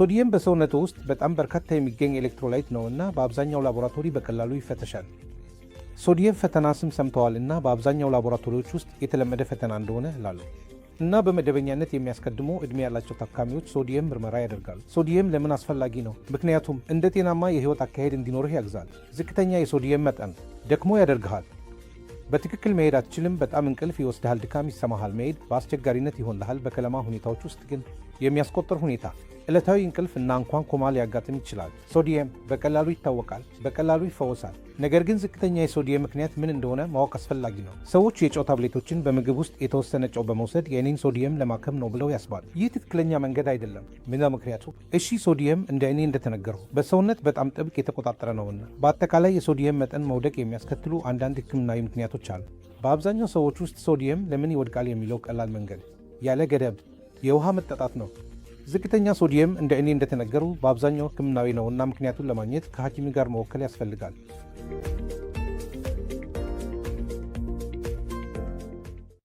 ሶዲየም በሰውነቱ ውስጥ በጣም በርካታ የሚገኝ ኤሌክትሮላይት ነው እና በአብዛኛው ላቦራቶሪ በቀላሉ ይፈተሻል። ሶዲየም ፈተና ስም ሰምተዋል እና በአብዛኛው ላቦራቶሪዎች ውስጥ የተለመደ ፈተና እንደሆነ እላለሁ እና በመደበኛነት የሚያስቀድሙ ዕድሜ ያላቸው ታካሚዎች ሶዲየም ምርመራ ያደርጋሉ። ሶዲየም ለምን አስፈላጊ ነው? ምክንያቱም እንደ ጤናማ የህይወት አካሄድ እንዲኖርህ ያግዛል። ዝቅተኛ የሶዲየም መጠን ደክሞ ያደርግሃል በትክክል መሄድ አትችልም። በጣም እንቅልፍ ይወስድሃል፣ ድካም ይሰማሃል። መሄድ በአስቸጋሪነት ይሆንልሃል። በከለማ ሁኔታዎች ውስጥ ግን የሚያስቆጥር ሁኔታ ዕለታዊ እንቅልፍ እና እንኳን ኮማ ሊያጋጥም ይችላል። ሶዲየም በቀላሉ ይታወቃል፣ በቀላሉ ይፈወሳል። ነገር ግን ዝቅተኛ የሶዲየም ምክንያት ምን እንደሆነ ማወቅ አስፈላጊ ነው። ሰዎች የጨው ታብሌቶችን በምግብ ውስጥ የተወሰነ ጨው በመውሰድ የአይኔን ሶዲየም ለማከም ነው ብለው ያስባሉ። ይህ ትክክለኛ መንገድ አይደለም። ምን ምክንያቱ? እሺ ሶዲየም እንደ አይኔ እንደተነገረው በሰውነት በጣም ጥብቅ የተቆጣጠረ ነውና። በአጠቃላይ የሶዲየም መጠን መውደቅ የሚያስከትሉ አንዳንድ ሕክምናዊ ምክንያቶች አሉ። በአብዛኛው ሰዎች ውስጥ ሶዲየም ለምን ይወድቃል የሚለው ቀላል መንገድ ያለ ገደብ የውሃ መጠጣት ነው። ዝቅተኛ ሶዲየም እንደ እኔ እንደተነገሩ በአብዛኛው ህክምናዊ ነውና ምክንያቱን ለማግኘት ከሐኪም ጋር መወከል ያስፈልጋል።